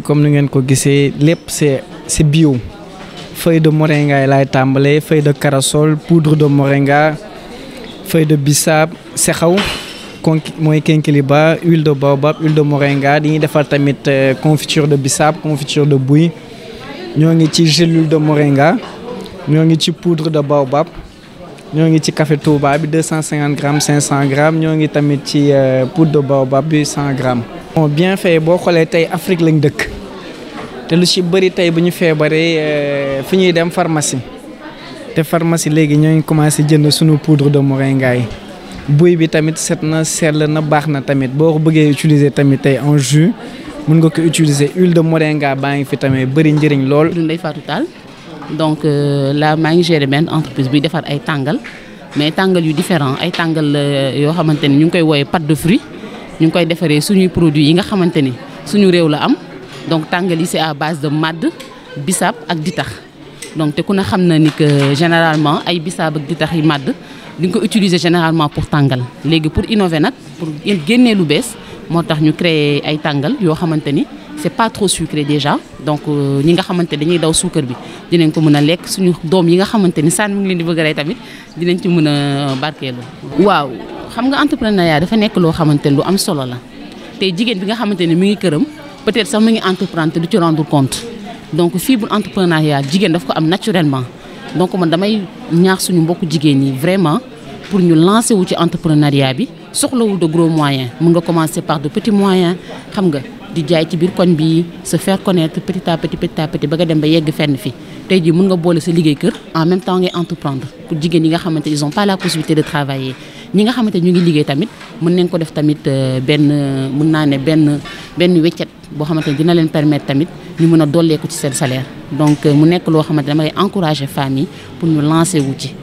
comme ni ngeen ko gisee lépp c'est c'est bio feuille de moringa yi laay tàmbalee feuille de corossol poudre de moringa feuille de bissap sexaw kon mooy kinkeliba huile de baobab huile de moringa dañuy defar tamit euh, confiture de bissap confiture de buy ñoo ngi ci gélule de moringa ñoo ngi ci poudre de baobab ñoo ngi ci café deux cent 250 grammes cent grammes ñoo ngi tamit ci euh, poudre de baobab bi 100 grammes bon bien fait boo xoolee tey Afrique lañ dëkk te lu ci bëri tey bu ñu feebaree euh, fi ñuy dem pharmacie te pharmacie léegi ñoo ngi commencé jënd suñu poudre de moringa yi buy bi tamit set na sell na baax na tamit boo ko bëggee utiliser tamit tey en jus mun nga ko utiliser huile de moringa baa ngi fi tamit bëri njëriñ lool. nday Fatou Tall donc euh, là maa ngi gérer benn entreprise buy defar ay tàngal mais tàngal yu différent ay tàngal euh, yoo xamante ni ñu ngi koy woowee pâte de fruits. ñu ngi koy defaree suñuy produits yi nga xamante ni suñu réew la am donc tàngal yi c'est à base de màdd bisaab ak ditax donc te ku ne xam na ni que généralement ay bisaab ak ditax yi màdd di nga ko utiliser généralement pour tàngal léegi pour innover nag pour génnee lu bees moo tax ñu créer ay tàngal yoo xamante ni c'est pas trop sucré déjà donc euh, ñi nga xamante dañuy daw suukar bi dinañ ko mën a lekk suñu doom yi nga xamante ni sànni mu ngi leen di bëgg a rey tamit dinañ ci mën a barkeelu xam nga entrepreneuriat dafa nekk loo xamante ne lu am solo la tey jigéen bi nga xamante ne mi ngi këram peut-être sax mi ngi entreprendre te du ci rendre compte donc fibre entrepreneuriat jigéen daf ko am naturellement donc man damay ñaax suñu mbokku jigéen ñi vraiment pour ñu lancer wu ci entrepreneuriat bi soxlawul de gros moyens mun nga commencer par de petits moyens xam nga. di jaay ci biir koñ bi sa faire connaître petit à petit petit à petit ba nga dem ba yegg fenn fii tey jii mun nga boole sa liggéey kër en même temps ngay entreprendre pour jigéen yi nga xamante ils ont pas la possibilité de travailler ñi nga xamante ñu ngi liggéey tamit mën nañ ko def tamit euh, benn mun naa ne benn benn weccet boo xamante ne dina leen permettre tamit ñu mën a dolleeku ci seen salaire donc euh, mu nekk loo xamante dama lay encourager femmes yi pour ñu lancer wu ci